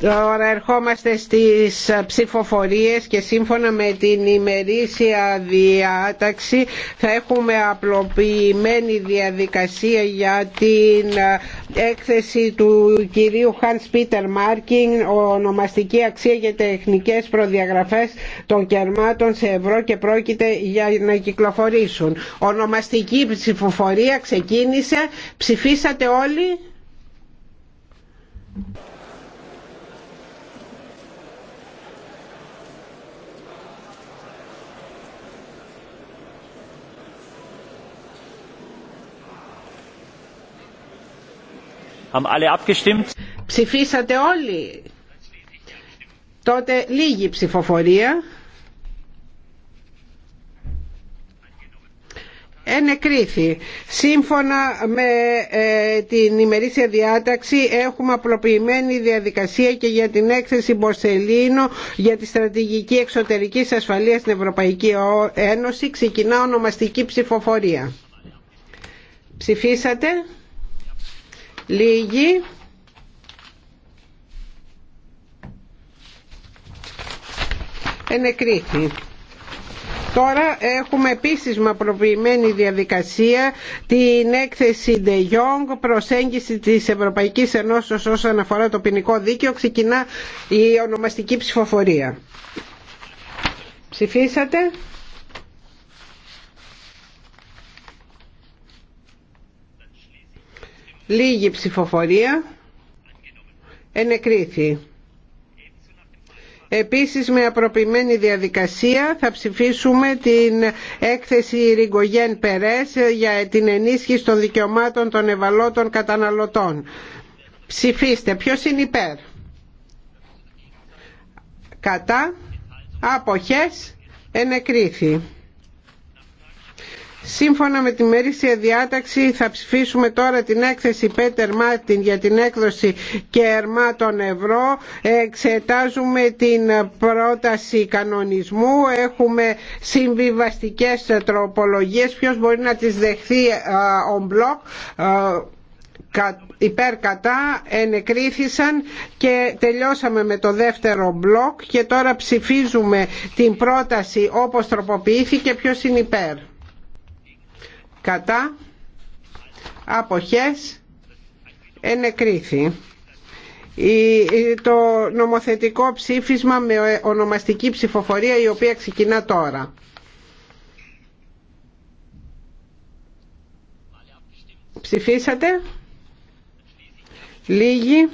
Τώρα ερχόμαστε στις ψηφοφορίες και σύμφωνα με την ημερήσια διάταξη θα έχουμε απλοποιημένη διαδικασία για την έκθεση του κυρίου Hans Peter Marking ονομαστική αξία για τεχνικές προδιαγραφές των κερμάτων σε ευρώ και πρόκειται για να κυκλοφορήσουν. Ονομαστική ψηφοφορία ξεκίνησε. Ψηφίσατε όλοι. Ψηφίσατε όλοι. Τότε λίγη ψηφοφορία. ενεκρίθη. Σύμφωνα με ε, την ημερήσια διάταξη έχουμε απλοποιημένη διαδικασία και για την έκθεση Μπορσελίνο για τη στρατηγική εξωτερική ασφαλεία στην Ευρωπαϊκή Ένωση. Ξεκινά ονομαστική ψηφοφορία. Ψηφίσατε. Λίγοι. Ενεκρίθη. Τώρα έχουμε επίσης μαπροποιημένη διαδικασία την έκθεση De Jong, προσέγγιση της Ευρωπαϊκής Ενώσεως όσον αφορά το ποινικό δίκαιο. Ξεκινά η ονομαστική ψηφοφορία. Ψηφίσατε. Λίγη ψηφοφορία. Ενεκρίθη. Επίσης με απροποιημένη διαδικασία θα ψηφίσουμε την έκθεση Ριγκογέν Περές για την ενίσχυση των δικαιωμάτων των ευαλώτων καταναλωτών. Ψηφίστε. Ποιος είναι υπέρ. Κατά. Αποχές. Ενεκρίθη. Σύμφωνα με τη μερίσια διάταξη θα ψηφίσουμε τώρα την έκθεση Πέτερ Μάρτιν για την έκδοση κερμάτων των ευρώ. Εξετάζουμε την πρόταση κανονισμού. Έχουμε συμβιβαστικές τροπολογίες. Ποιος μπορεί να τις δεχθεί ο ε, μπλοκ. Ε, υπέρ κατά ενεκρίθησαν και τελειώσαμε με το δεύτερο μπλοκ και τώρα ψηφίζουμε την πρόταση όπως τροποποιήθηκε ποιος είναι υπέρ κατά αποχές ενεκρίθη το νομοθετικό ψήφισμα με ονομαστική ψηφοφορία η οποία ξεκινά τώρα. Ψηφίσατε. Λίγοι.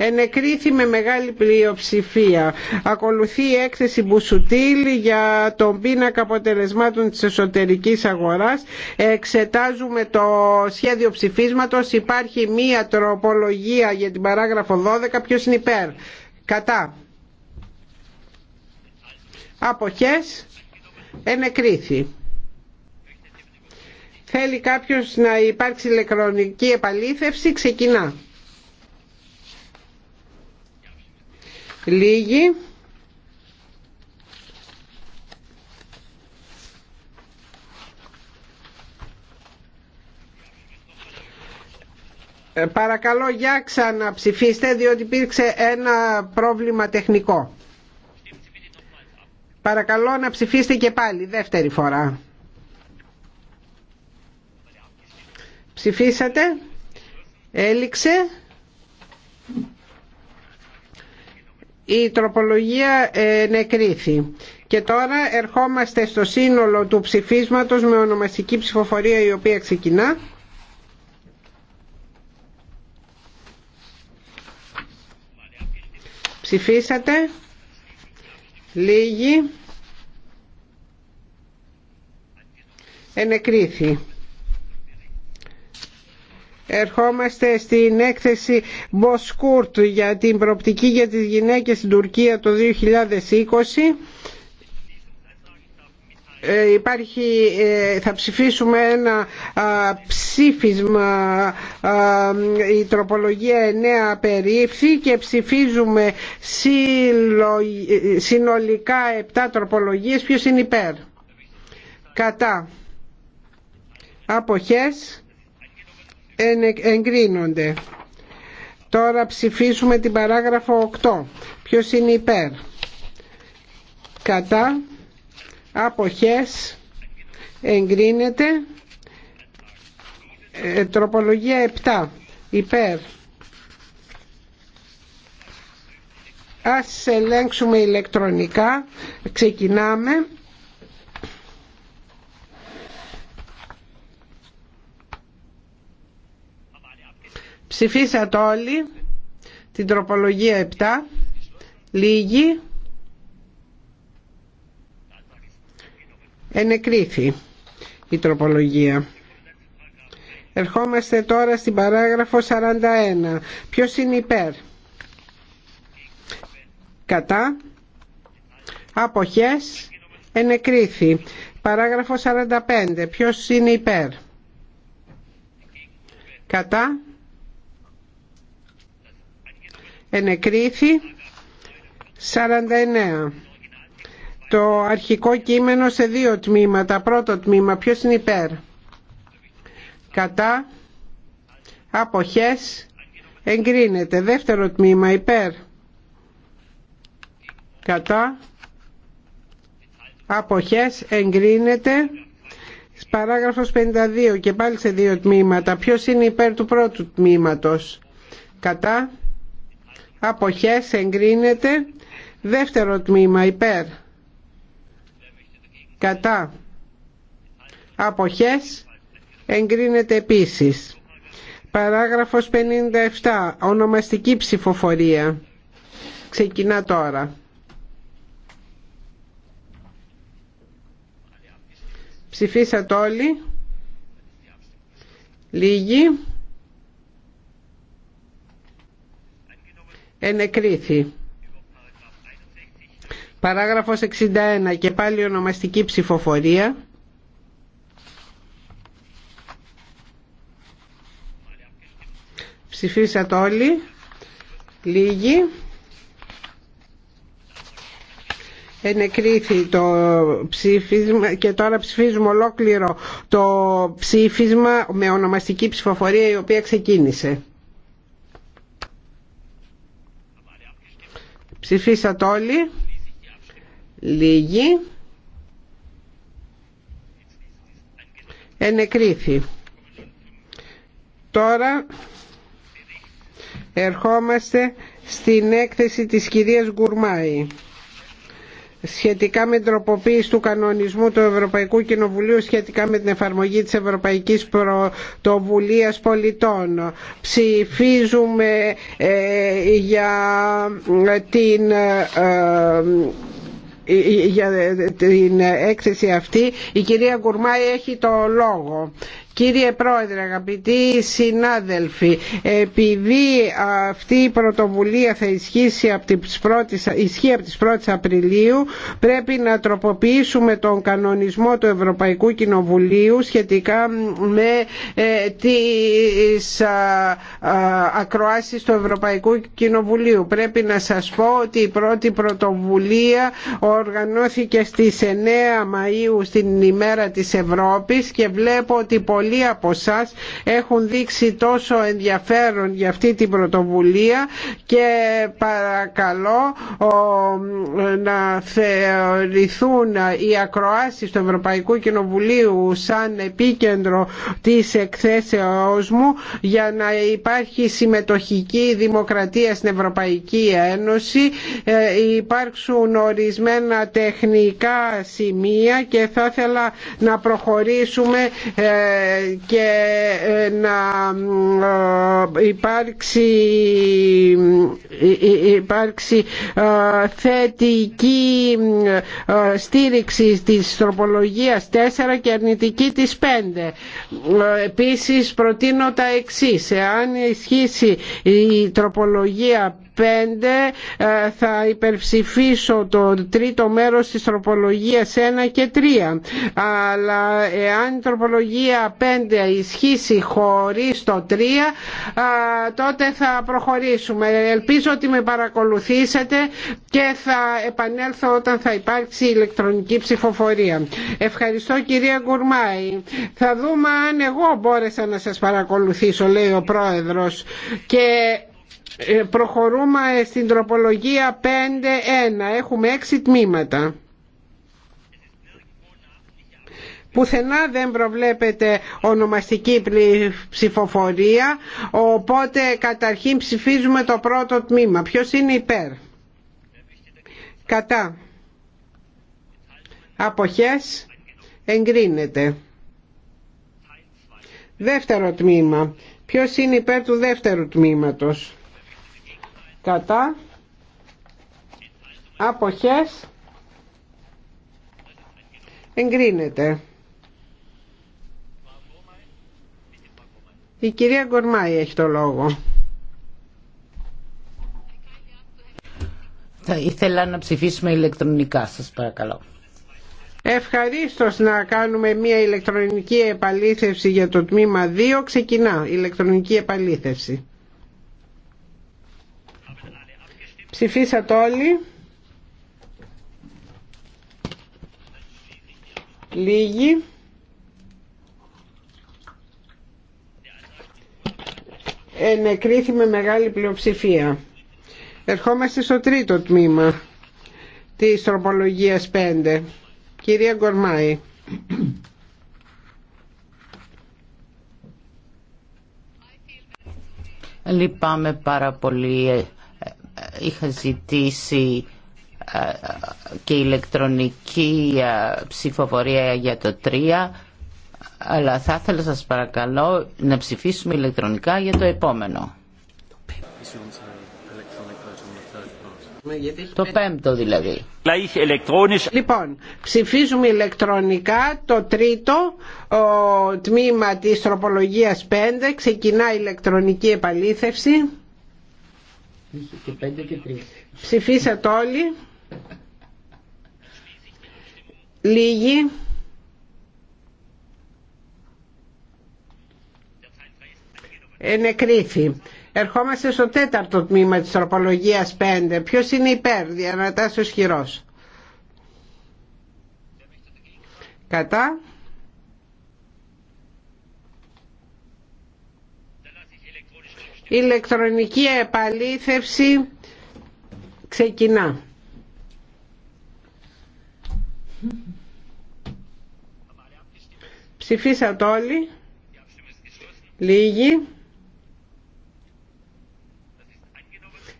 ενεκρίθη με μεγάλη πλειοψηφία. Ακολουθεί η έκθεση Μπουσουτήλη για τον πίνακα αποτελεσμάτων της εσωτερικής αγοράς. Εξετάζουμε το σχέδιο ψηφίσματος. Υπάρχει μία τροπολογία για την παράγραφο 12. Ποιος είναι υπέρ. Κατά. Αποχές. Ενεκρίθη. Θέλει κάποιος να υπάρξει ηλεκτρονική επαλήθευση. Ξεκινά. Λίγη. Ε, παρακαλώ για ξαναψηφίστε διότι υπήρξε ένα πρόβλημα τεχνικό. Παρακαλώ να ψηφίστε και πάλι δεύτερη φορά. Ψηφίσατε. Έληξε. η τροπολογία ε, νεκρήθη. Και τώρα ερχόμαστε στο σύνολο του ψηφίσματος με ονομαστική ψηφοφορία η οποία ξεκινά. Ψηφίσατε. Λίγοι. Ενεκρίθη. Ερχόμαστε στην έκθεση Μποσκούρτ για την προοπτική για τις γυναίκες στην Τουρκία το 2020. Ε, υπάρχει, ε, θα ψηφίσουμε ένα ψήφισμα, η τροπολογία 9 περίφθη και ψηφίζουμε συνολικά 7 τροπολογίες. Ποιος είναι υπέρ. Κατά. Αποχές εγκρίνονται. Τώρα ψηφίσουμε την παράγραφο 8. Ποιος είναι υπέρ. Κατά. Αποχές. Εγκρίνεται. Ε, τροπολογία 7. Υπέρ. Ας ελέγξουμε ηλεκτρονικά. Ξεκινάμε. Ψηφίσατε όλοι την τροπολογία 7. Λίγη. Ενεκρίθη η τροπολογία. Ερχόμαστε τώρα στην παράγραφο 41. Ποιος είναι υπέρ. Κατά. Αποχές. Ενεκρίθη. Παράγραφο 45. Ποιος είναι υπέρ. Κατά ενεκρίθη 49 το αρχικό κείμενο σε δύο τμήματα πρώτο τμήμα ποιος είναι υπέρ κατά αποχές εγκρίνεται δεύτερο τμήμα υπέρ κατά αποχές εγκρίνεται παράγραφος 52 και πάλι σε δύο τμήματα ποιος είναι υπέρ του πρώτου τμήματος κατά αποχές εγκρίνεται δεύτερο τμήμα υπέρ κατά αποχές εγκρίνεται επίσης παράγραφος 57 ονομαστική ψηφοφορία ξεκινά τώρα ψηφίσατε όλοι λίγοι ενεκρίθη. Παράγραφος 61 και πάλι ονομαστική ψηφοφορία. Ψηφίσατε όλοι. Λίγοι. ενεκρίθη το ψήφισμα και τώρα ψηφίζουμε ολόκληρο το ψήφισμα με ονομαστική ψηφοφορία η οποία ξεκίνησε. Ψηφίσατε όλοι. Λίγοι. Ενεκρίθη. Τώρα ερχόμαστε στην έκθεση της κυρίας Γκουρμάη σχετικά με τροποποίηση του κανονισμού του Ευρωπαϊκού Κοινοβουλίου σχετικά με την εφαρμογή της Ευρωπαϊκής Πρωτοβουλίας Πολιτών. Ψηφίζουμε ε, για την... Ε, ε, για την έκθεση αυτή η κυρία Γκουρμάη έχει το λόγο Κύριε Πρόεδρε, αγαπητοί συνάδελφοι, επειδή αυτή η πρωτοβουλία θα ισχύσει από τις πρώτες, ισχύει από τις 1 Απριλίου, πρέπει να τροποποιήσουμε τον κανονισμό του Ευρωπαϊκού Κοινοβουλίου σχετικά με ε, τις ακροάσεις του Ευρωπαϊκού Κοινοβουλίου. Πρέπει να σας πω ότι η πρώτη πρωτοβουλία οργανώθηκε στις 9 Μαΐου στην ημέρα της Ευρώπης και βλέπω ότι πολλοί πολλοί από εσά έχουν δείξει τόσο ενδιαφέρον για αυτή την πρωτοβουλία και παρακαλώ να θεωρηθούν οι ακροάσεις του Ευρωπαϊκού Κοινοβουλίου σαν επίκεντρο της εκθέσεώς μου για να υπάρχει συμμετοχική δημοκρατία στην Ευρωπαϊκή Ένωση ε, υπάρξουν ορισμένα τεχνικά σημεία και θα ήθελα να προχωρήσουμε ε, και ε, να ε, υπάρξει, ε, υπάρξει θετική στήριξη της τροπολογίας 4 και αρνητική της 5. Επίσης προτείνω τα εξής. Εάν ισχύσει η τροπολογία ε, θα υπερψηφίσω το τρίτο μέρος της τροπολογίας 1 και 3 αλλά εάν η τροπολογία 5 ισχύσει χωρίς το 3 τότε θα προχωρήσουμε ελπίζω ότι με παρακολουθήσετε και θα επανέλθω όταν θα υπάρξει ηλεκτρονική ψηφοφορία ευχαριστώ κυρία Γκουρμάη θα δούμε αν εγώ μπόρεσα να σας παρακολουθήσω λέει ο πρόεδρος ε, προχωρούμε στην τροπολογία 5 5.1. Έχουμε έξι τμήματα. Πουθενά δεν προβλέπεται ονομαστική ψηφοφορία, οπότε καταρχήν ψηφίζουμε το πρώτο τμήμα. Ποιος είναι υπέρ. Κατά. Αποχές. Εγκρίνεται. Δεύτερο τμήμα. Ποιος είναι υπέρ του δεύτερου τμήματος κατά αποχές εγκρίνεται η κυρία Γκορμάη έχει το λόγο θα ήθελα να ψηφίσουμε ηλεκτρονικά σας παρακαλώ Ευχαρίστως να κάνουμε μια ηλεκτρονική επαλήθευση για το τμήμα 2. Ξεκινά ηλεκτρονική επαλήθευση. Ψηφίσατε όλοι. Λίγοι. Ενεκρίθη με μεγάλη πλειοψηφία. Ερχόμαστε στο τρίτο τμήμα της τροπολογίας 5. Κυρία Γκορμάη. Λυπάμαι πάρα πολύ είχα ζητήσει ε, και ηλεκτρονική ε, ψηφοφορία για το 3 αλλά θα ήθελα σας παρακαλώ να ψηφίσουμε ηλεκτρονικά για το επόμενο. Το πέμπτο δηλαδή. Λοιπόν, ψηφίζουμε ηλεκτρονικά το τρίτο ο, τμήμα της τροπολογίας 5. Ξεκινά ηλεκτρονική επαλήθευση και και Ψηφίσατε όλοι. Λίγοι. Ενεκρίθη. Ερχόμαστε στο τέταρτο τμήμα της τροπολογίας 5. Ποιος είναι υπέρ, διανατάσσεως χειρός. Κατά. ηλεκτρονική επαλήθευση ξεκινά. Ψηφίσατε όλοι. Λίγοι.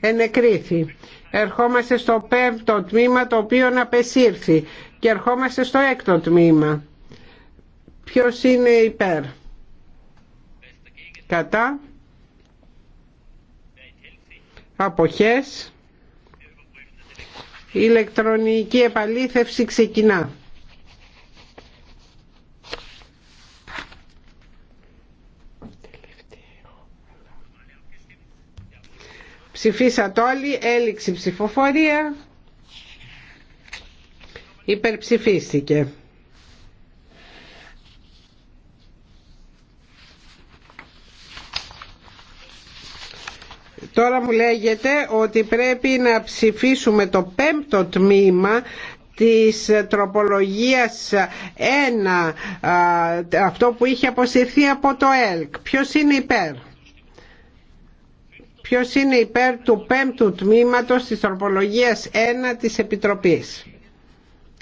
Ενεκρίθη. Ερχόμαστε στο πέμπτο τμήμα το οποίο να πεσύρθει. και ερχόμαστε στο έκτο τμήμα. Ποιος είναι υπέρ. Κατά αποχές ηλεκτρονική επαλήθευση ξεκινά ψηφίσατε όλοι έληξη ψηφοφορία υπερψηφίστηκε Τώρα μου λέγεται ότι πρέπει να ψηφίσουμε το πέμπτο τμήμα της τροπολογίας 1, αυτό που είχε αποσυρθεί από το ΕΛΚ. Ποιος είναι υπέρ. Ποιος είναι υπέρ του πέμπτου τμήματος της τροπολογίας 1 της Επιτροπής.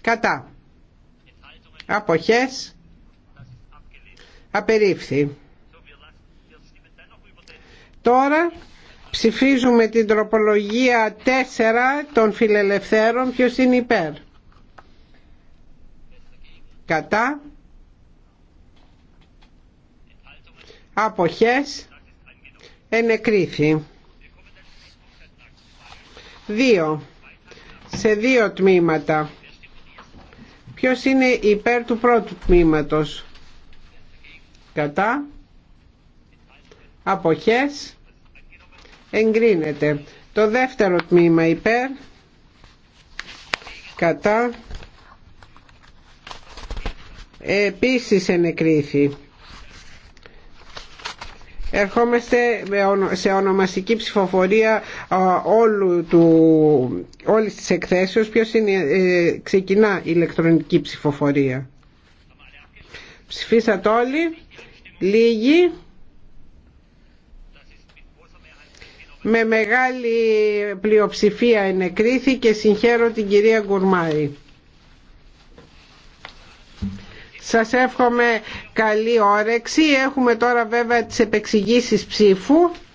Κατά. Αποχές. Απερίφθη. Τώρα Ψηφίζουμε την τροπολογία 4 των φιλελευθέρων. Ποιος είναι υπέρ. Κατά. Αποχές. Ενεκρίθη. 2. Σε δύο τμήματα. Ποιος είναι υπέρ του πρώτου τμήματος. Κατά. Αποχές εγκρίνεται. Το δεύτερο τμήμα υπέρ, κατά, επίσης ενεκρίθη. Ερχόμαστε σε ονομαστική ψηφοφορία όλου του, όλης της εκθέσεως. Ποιος ε, ξεκινά η ηλεκτρονική ψηφοφορία. Ψηφίσατε όλοι. Λίγοι. με μεγάλη πλειοψηφία ενεκρίθη και συγχαίρω την κυρία Γκουρμάρη. Σας εύχομαι καλή όρεξη. Έχουμε τώρα βέβαια τις επεξηγήσεις ψήφου.